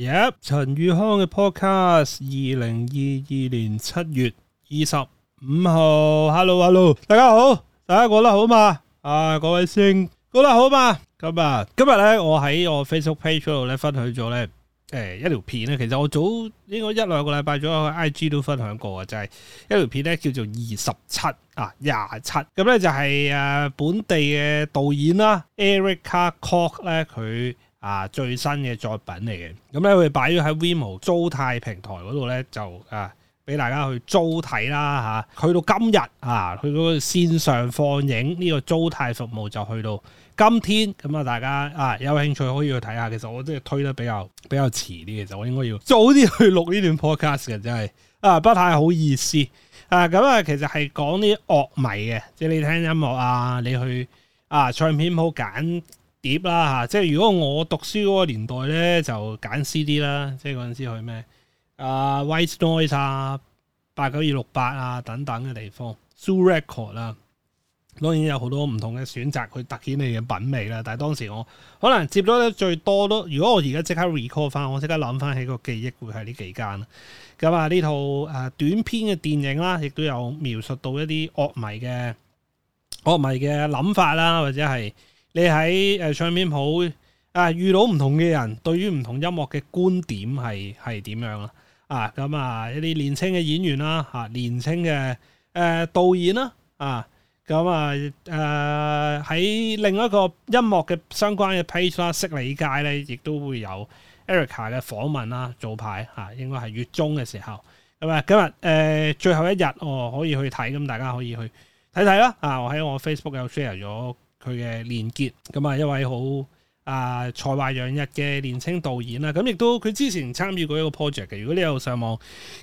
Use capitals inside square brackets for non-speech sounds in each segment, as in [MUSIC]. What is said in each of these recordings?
Yep, 陳宇康嘅 podcast，二零二二年七月二十五號，Hello Hello，大家好，大家過得好嘛？啊、哎，各位先過得好嘛？咁啊，今日咧，我喺我 Facebook page 度咧，分享咗咧，誒、呃，一條片咧，其實我早應該一兩個禮拜左右，喺 IG 都分享過嘅，就係、是、一條片咧，叫做二十七啊，廿七，咁咧就係誒，本地嘅導演啦，Erica Cook 咧，佢。啊，最新嘅作品嚟嘅，咁咧佢擺咗喺 Vimo 租貸平台嗰度咧，就啊俾大家去租睇啦吓，啊，去到今日啊，佢嗰線上放映呢個租貸服務就去到今天，咁啊大家啊有興趣可以去睇下。其實我真係推得比較比較遲啲，其實我應該要早啲去錄呢段 podcast 嘅，真係啊不太好意思啊。咁啊，其實係講啲樂迷嘅，即係你聽音樂啊，你去啊唱片舖揀。碟啦嚇，即係如果我讀書嗰個年代咧，就揀 C D 啦，即係嗰陣時去咩啊，White Noise 啊，八九二六八啊等等嘅地方，True Record 啦，當然有好多唔同嘅選擇，去凸顯你嘅品味啦。但係當時我可能接咗得最多都，如果我而家即刻 recall 翻，我即刻諗翻起個記憶會係呢幾間。咁啊，呢套誒短篇嘅電影啦，亦都有描述到一啲惡迷嘅惡迷嘅諗法啦，或者係。你喺誒唱片鋪啊，遇到唔同嘅人，對於唔同音樂嘅觀點係係點樣啦、啊？啊，咁啊一啲年輕嘅演員啦，嚇年輕嘅誒導演啦，啊咁啊誒喺、啊啊、另一個音樂嘅相關嘅 page 啦，悉尼街咧亦都會有 Erica 嘅訪問啦、啊，早排嚇、啊、應該係月中嘅時候，咁啊今日誒、啊、最後一日我可以去睇，咁，大家可以去睇睇啦。啊，我喺我 Facebook 有 share 咗。佢嘅連結，咁啊、嗯，一位好啊才華洋溢嘅年青導演啦，咁亦都佢之前參與過一個 project 嘅。如果你有上網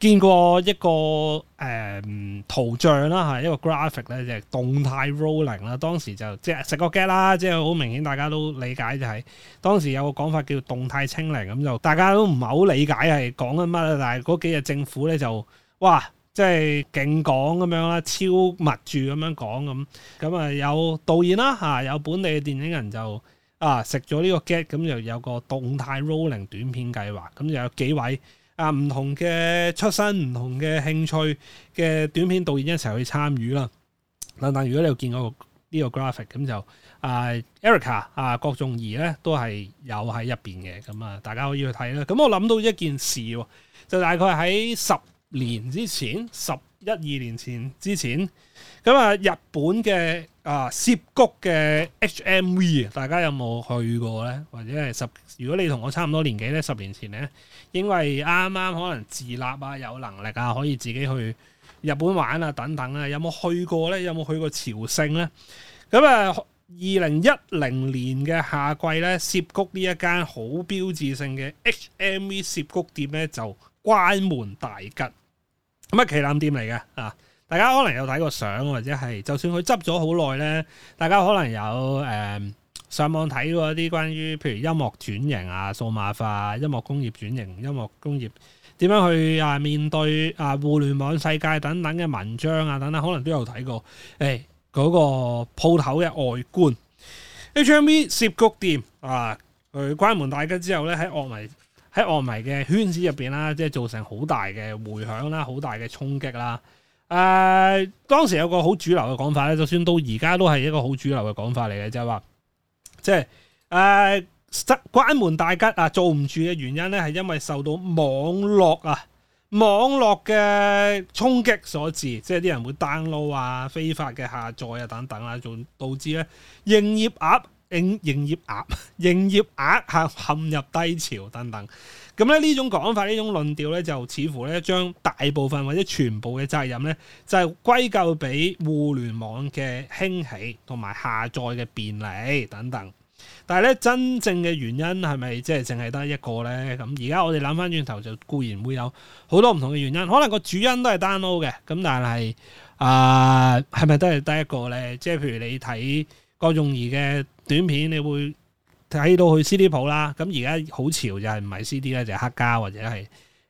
見過一個誒、呃、圖像啦，係一個 graphic 咧就是，動態 rolling 啦，當時就即係食個 get 啦，即係好明顯大家都理解就係、是，當時有個講法叫動態清零，咁就大家都唔係好理解係講緊乜啦，但係嗰幾日政府咧就哇～嘩即係勁講咁樣啦，超密住咁樣講咁，咁、嗯、啊有導演啦嚇、啊，有本地嘅電影人就啊食咗呢個 get，咁、嗯、就有個動態 rolling 短片計劃，咁、嗯、就有幾位啊唔同嘅出身、唔同嘅興趣嘅短片導演一齊去參與啦。等、啊、等，但如果你有見過呢個 graphic，咁就啊 Erica 啊郭仲儀咧都係有喺入邊嘅，咁、嗯、啊大家可以去睇啦。咁、嗯、我諗到一件事，就大概喺十年之前，十一二年前之前，咁啊，日本嘅啊澀谷嘅 H M V，大家有冇去過呢？或者係十，如果你同我差唔多年紀呢，十年前呢，因為啱啱可能自立啊，有能力啊，可以自己去日本玩啊等等啊，有冇去過呢？啊、有冇去過朝聖呢？咁啊，二零一零年嘅夏季呢，澀谷呢一間好標誌性嘅 H M V 澀谷店呢，就關門大吉。咁啊旗艦店嚟嘅啊，大家可能有睇過相或者係，就算佢執咗好耐咧，大家可能有誒、呃、上網睇過一啲關於，譬如音樂轉型啊、數碼化、音樂工業轉型、音樂工業點樣去啊面對啊互聯網世界等等嘅文章啊等等，可能都有睇過。誒、欸，嗰、那個鋪頭嘅外觀，H M V 澀谷店啊，佢關門大吉之後咧喺樂迷。喺樂迷嘅圈子入邊啦，即係造成好大嘅迴響啦，好大嘅衝擊啦。誒、呃，當時有個好主流嘅講法咧，就算到而家都係一個好主流嘅講法嚟嘅，就係話，即係誒、呃、關門大吉啊！做唔住嘅原因咧，係因為受到網絡啊、網絡嘅衝擊所致，即係啲人會 download 啊、非法嘅下載啊等等啦，仲導致咧營業額營營業額 [LAUGHS] 營業額吓陷入低潮等等，咁咧呢種講法呢種論調咧，就似乎咧將大部分或者全部嘅責任咧，就係、是、歸咎俾互聯網嘅興起同埋下載嘅便利等等。但係咧真正嘅原因係咪即係淨係得一個咧？咁而家我哋諗返轉頭就固然會有好多唔同嘅原因，可能個主因都係 download 嘅。咁但係啊，係咪都係得一個咧？即係譬如你睇。郭仲儀嘅短片你會睇到佢 CD 鋪啦，咁而家好潮就係唔係 CD 咧，就係黑膠或者係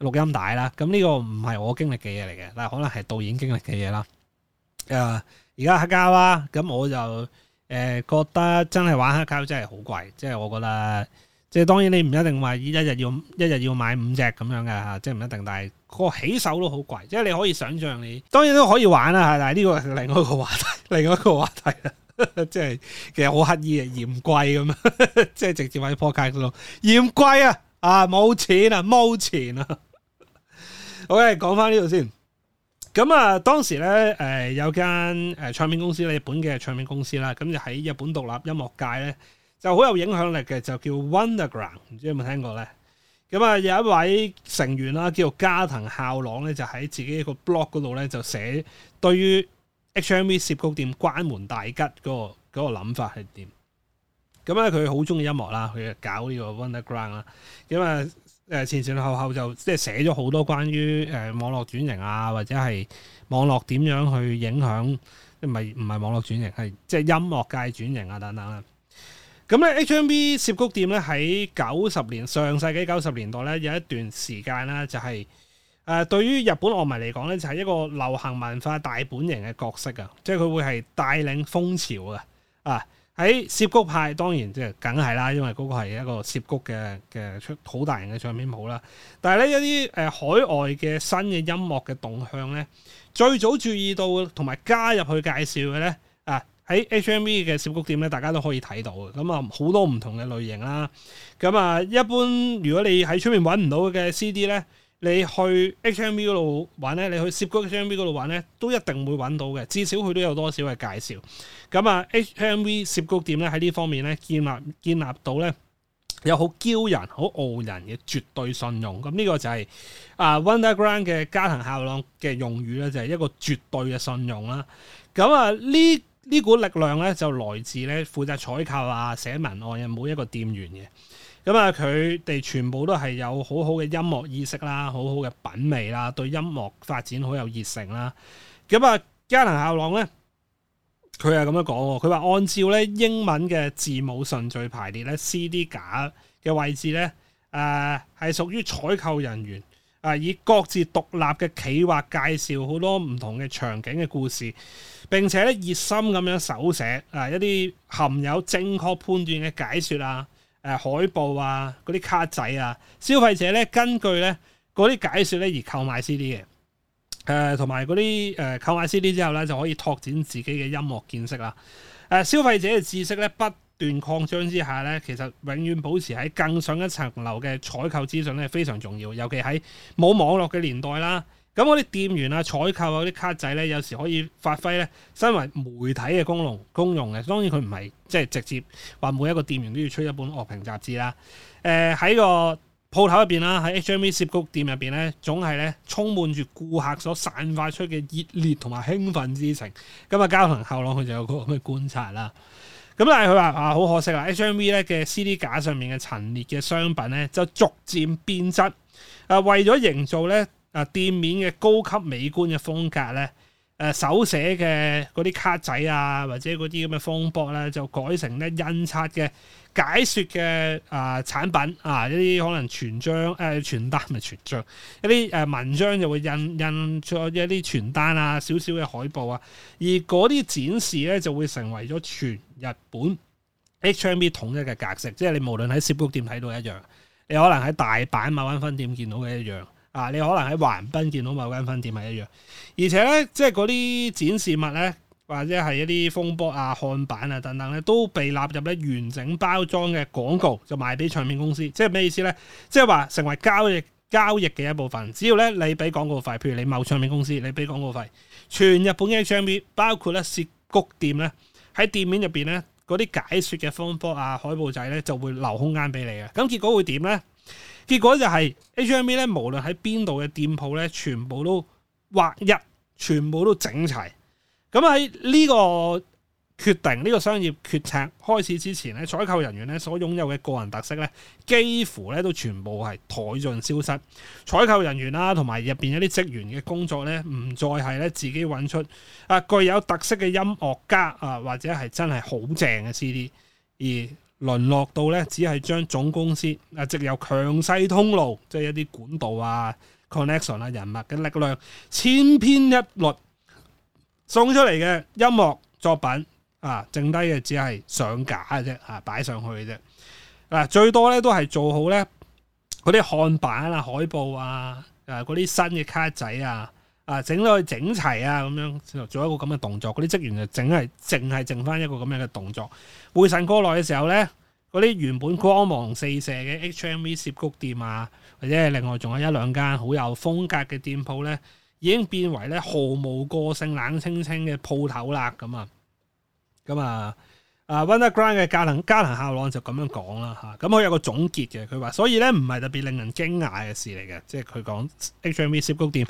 錄音帶啦。咁呢個唔係我經歷嘅嘢，嚟嘅，但係可能係導演經歷嘅嘢啦。誒、呃，而家黑膠啦，咁我就誒、呃、覺得真係玩黑膠真係好貴，即係我覺得即係當然你唔一定話一日要一日要買五隻咁樣嘅吓，即係唔一定，但係個起手都好貴，即係你可以想象，你當然都可以玩啦，但係呢個係另外一個話題，另外一個話題 [LAUGHS] 即係其實好乞意啊，嫌貴咁啊， [LAUGHS] 即係直接喺啲撲街嗰度嫌貴啊，啊冇錢啊，冇錢啊。 [LAUGHS] OK，講翻呢度先。咁、嗯、啊，當時咧，誒、呃、有間誒唱片公司，日本嘅唱片公司啦，咁就喺日本獨立音樂界咧就好有影響力嘅，就叫 Wonderground，唔知你有冇聽過咧？咁、嗯、啊、嗯，有一位成員啦，叫做加藤孝朗咧，就喺自己一個 blog 嗰度咧就寫對於。HMV 澀谷店關門大吉嗰、嗰個嗰個諗法係點？咁咧佢好中意音樂啦，佢就搞呢個 Wonderground 啦，咁啊誒前前後後就即係寫咗好多關於誒網絡轉型啊，或者係網絡點樣去影響，唔係唔係網絡轉型，係即係音樂界轉型啊等等啦。咁咧 HMV 澀谷店咧喺九十年上世紀九十年代咧有一段時間啦就係、係。誒、呃、對於日本樂迷嚟講咧，就係、是、一個流行文化大本營嘅角色啊！即係佢會係帶領風潮嘅啊！喺澀谷派當然即係梗係啦，因為嗰個係一個澀谷嘅嘅出好大型嘅唱片好啦。但係咧一啲誒、呃、海外嘅新嘅音樂嘅動向咧，最早注意到同埋加入去介紹嘅咧啊！喺 HMV 嘅澀谷店咧，大家都可以睇到嘅。咁啊好多唔同嘅類型啦。咁、嗯、啊一般如果你喺出面揾唔到嘅 CD 咧。你去 HMV 嗰度玩咧，你去澀谷 HMV 嗰度玩咧，都一定會揾到嘅。至少佢都有多少嘅介紹。咁啊，HMV 澀谷店咧喺呢方面咧建立建立到咧有好驕人、好傲人嘅絕對信用。咁呢個就係啊 Wonderground 嘅加藤孝朗嘅用語咧，就係、是、一個絕對嘅信用啦。咁啊，呢呢股力量咧就來自咧負責採購啊、寫文案嘅每一個店員嘅。咁啊，佢哋全部都係有好好嘅音樂意識啦，好好嘅品味啦，對音樂發展好有熱誠啦。咁啊，嘉能校郎咧，佢係咁樣講喎，佢話按照咧英文嘅字母順序排列咧，C D 架嘅位置咧，誒、呃、係屬於採購人員啊、呃，以各自獨立嘅企劃介紹好多唔同嘅場景嘅故事，並且咧熱心咁樣手寫啊、呃、一啲含有正確判斷嘅解説啊。誒、海報啊，嗰啲卡仔啊，消費者咧根據咧嗰啲解說咧而購買 CD 嘅，誒同埋嗰啲誒購買 CD 之後咧就可以拓展自己嘅音樂見識啦。誒、呃、消費者嘅知識咧不斷擴張之下咧，其實永遠保持喺更上一層樓嘅採購資訊咧非常重要，尤其喺冇網絡嘅年代啦。咁我哋店員啊、採購嗰啲卡仔咧，有時可以發揮咧，身為媒體嘅功能功用嘅。當然佢唔係即係直接話每一個店員都要出一本樂評雜誌啦。誒、呃、喺個鋪頭入邊啦，喺 H M V 澀谷店入邊咧，總係咧充滿住顧客所散發出嘅熱烈同埋興奮之情。咁啊，加藤孝朗佢就有個咁嘅觀察啦。咁但係佢話啊，好可惜啊，H M V 咧嘅 CD 架上面嘅陳列嘅商品咧，就逐漸變質。啊，為咗營造咧～啊！店面嘅高級美觀嘅風格咧，誒、啊、手寫嘅嗰啲卡仔啊，或者嗰啲咁嘅風波咧，就改成咧印刷嘅解説嘅啊產品啊，一啲可能傳章誒傳、啊、單咪傳章，一啲誒、啊、文章就會印印咗一啲傳單啊，少少嘅海報啊，而嗰啲展示咧就會成為咗全日本 HMV 統一嘅格式，即係你無論喺澀谷店睇到一樣，你可能喺大阪某間分店見到嘅一樣。啊！你可能喺橫濱見到某間分店係一樣，而且咧，即係嗰啲展示物咧，或者係一啲風波啊、看板啊等等咧，都被納入咧完整包裝嘅廣告，就賣俾唱片公司。即係咩意思咧？即係話成為交易交易嘅一部分。只要咧你俾廣告費，譬如你某唱片公司，你俾廣告費，全日本嘅 HMV，包括咧澀谷店咧，喺店面入邊咧嗰啲解說嘅風波啊、海報仔咧，就會留空間俾你嘅。咁結果會點咧？結果就係 HMV 咧，B、無論喺邊度嘅店鋪咧，全部都劃一，全部都整齊。咁喺呢個決定呢、呢個商業決策開始之前咧，採購人員咧所擁有嘅個人特色咧，幾乎咧都全部係殆盡消失。採購人員啦，同埋入邊一啲職員嘅工作咧，唔再係咧自己揾出啊具有特色嘅音樂家啊，或者係真係好正嘅 CD 而。淪落到咧，只係將總公司啊，藉由強勢通路，即係一啲管道啊、connection 啊、人物嘅力量，千篇一律送出嚟嘅音樂作品啊，剩低嘅只係上架嘅啫，啊，擺上去嘅啫。嗱、啊，最多咧都係做好咧嗰啲看板啊、海報啊、啊嗰啲新嘅卡仔啊。啊、整到去整齊啊，咁樣做一個咁嘅動作，嗰啲職員就整係淨係剩翻一個咁樣嘅動作。回神過來嘅時候咧，嗰啲原本光芒四射嘅 HMV 澀谷店啊，或者另外仲有一兩間好有風格嘅店鋪咧、啊，已經變為咧毫無個性、冷清清嘅鋪頭啦。咁啊，咁啊，啊 Wonderground 嘅嘉能嘉能校長就咁樣講啦嚇。咁、啊、佢有個總結嘅，佢話所以咧唔係特別令人驚訝嘅事嚟嘅，即係佢講 HMV 澀谷店。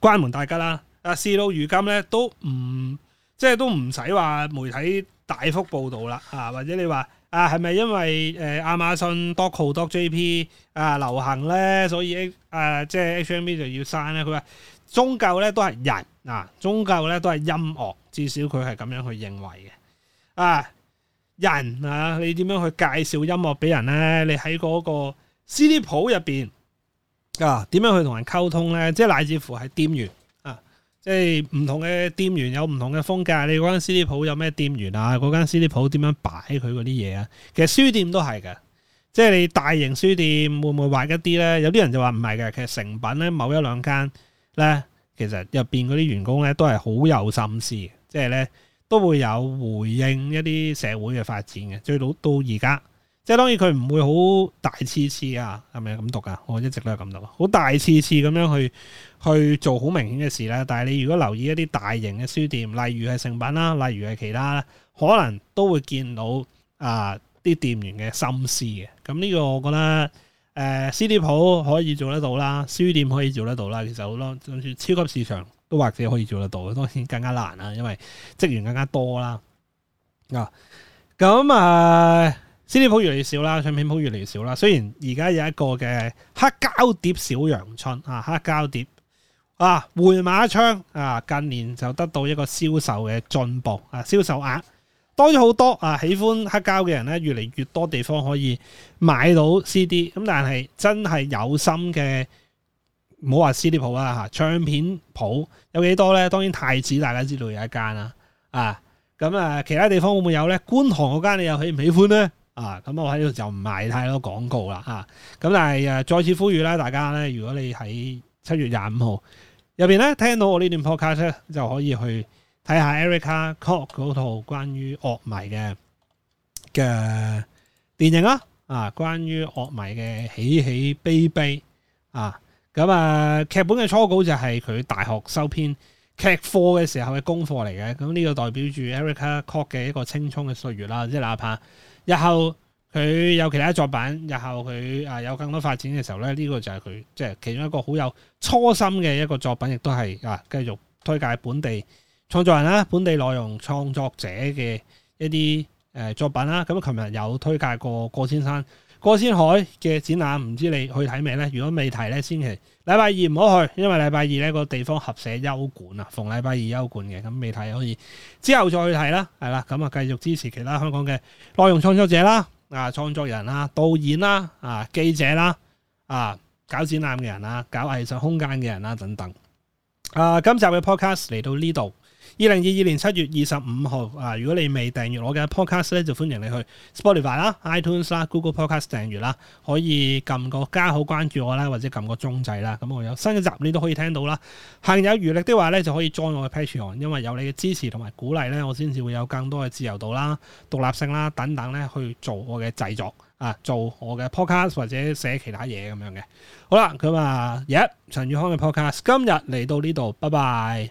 關門大吉啦！啊，事到如今咧，都唔即係都唔使話媒體大幅報道啦，啊，或者你話啊係咪因為誒亞馬遜 dot co dot jp 啊流行咧，所以誒、啊、即係 HMV 就要刪咧？佢話宗教咧都係人啊，宗教咧都係音樂，至少佢係咁樣去認為嘅啊，人啊，你點樣去介紹音樂俾人咧？你喺嗰個 CD 鋪入邊。啊，點樣去同人溝通呢？即係乃至乎係店員啊，即係唔同嘅店員有唔同嘅風格。你嗰間 CD 鋪有咩店員啊？嗰間 CD 鋪點樣擺佢嗰啲嘢啊？其實書店都係嘅，即係你大型書店會唔會壞一啲呢？有啲人就話唔係嘅，其實誠品呢，某一兩間呢，其實入邊嗰啲員工呢，都係好有心思嘅，即係呢，都會有回應一啲社會嘅發展嘅。最到到而家。即係當然佢唔會好大次次啊，係咪咁讀噶？我一直都係咁讀，好大次次咁樣去去做好明顯嘅事啦、啊。但係你如果留意一啲大型嘅書店，例如係誠品啦、啊，例如係其他，可能都會見到啊啲、呃、店員嘅心思嘅。咁、嗯、呢、這個我覺得誒，CD 鋪可以做得到啦，書店可以做得到啦。其實好多就算超級市場都或者可以做得到，當然更加難啦、啊，因為職員更加多啦、啊。啊，咁啊。CD 鋪越嚟越少啦，唱片鋪越嚟越少啦。雖然而家有一個嘅黑膠碟小陽春啊，黑膠碟啊，回馬槍啊，近年就得到一個銷售嘅進步啊，銷售額多咗好多啊。喜歡黑膠嘅人咧，越嚟越多地方可以買到 CD。咁但係真係有心嘅，唔好話 CD 鋪啦吓，唱片鋪有幾多咧？當然太子大家知道有一間啦，啊，咁啊，其他地方會唔會有咧？觀塘嗰間你又喜唔喜歡咧？啊，咁、嗯、我喺呢度就唔賣太多廣告啦吓。咁、啊、但係誒，再次呼籲啦，大家咧，如果你喺七月廿五號入邊咧聽到我呢段 podcast 咧、啊，就可以去睇下 Erica c o c k 嗰套關於樂迷嘅嘅電影啦。啊，關於樂迷嘅喜喜悲悲啊，咁啊，劇本嘅初稿就係佢大學收編劇科嘅時候嘅功課嚟嘅。咁呢個代表住 Erica c o c k 嘅一個青蔥嘅歲月啦，即係哪怕。日後佢有其他作品，日後佢啊有更多發展嘅時候咧，呢個就係佢即係其中一個好有初心嘅一個作品，亦都係啊繼續推介本地創作人啦、本地內容創作者嘅一啲誒、呃、作品啦。咁啊，琴日有推介過郭先生。過仙海嘅展覽，唔知你去睇未咧？如果未睇咧，千祈禮拜二唔好去，因為禮拜二咧個地方合社休館啊，逢禮拜二休館嘅，咁未睇可以之後再去睇啦，係啦，咁啊繼續支持其他香港嘅內容創作者啦，啊，創作人啦、啊、導演啦，啊，記者啦，啊，搞展覽嘅人啦、啊，搞藝術空間嘅人啦，等等，啊，今集嘅 podcast 嚟到呢度。二零二二年七月二十五號啊！如果你未訂閱我嘅 podcast 咧，就歡迎你去 Spotify 啦、iTunes 啦、Google Podcast 訂閱啦，可以撳個加號關注我啦，或者撳個鐘掣啦。咁我有新嘅集你都可以聽到啦。行有餘力的話咧，就可以 join 我嘅 Patreon，因為有你嘅支持同埋鼓勵咧，我先至會有更多嘅自由度啦、獨立性啦等等咧，去做我嘅製作啊，做我嘅 podcast 或者寫其他嘢咁樣嘅。好啦，咁啊，耶陳宇康嘅 podcast 今日嚟到呢度，拜拜。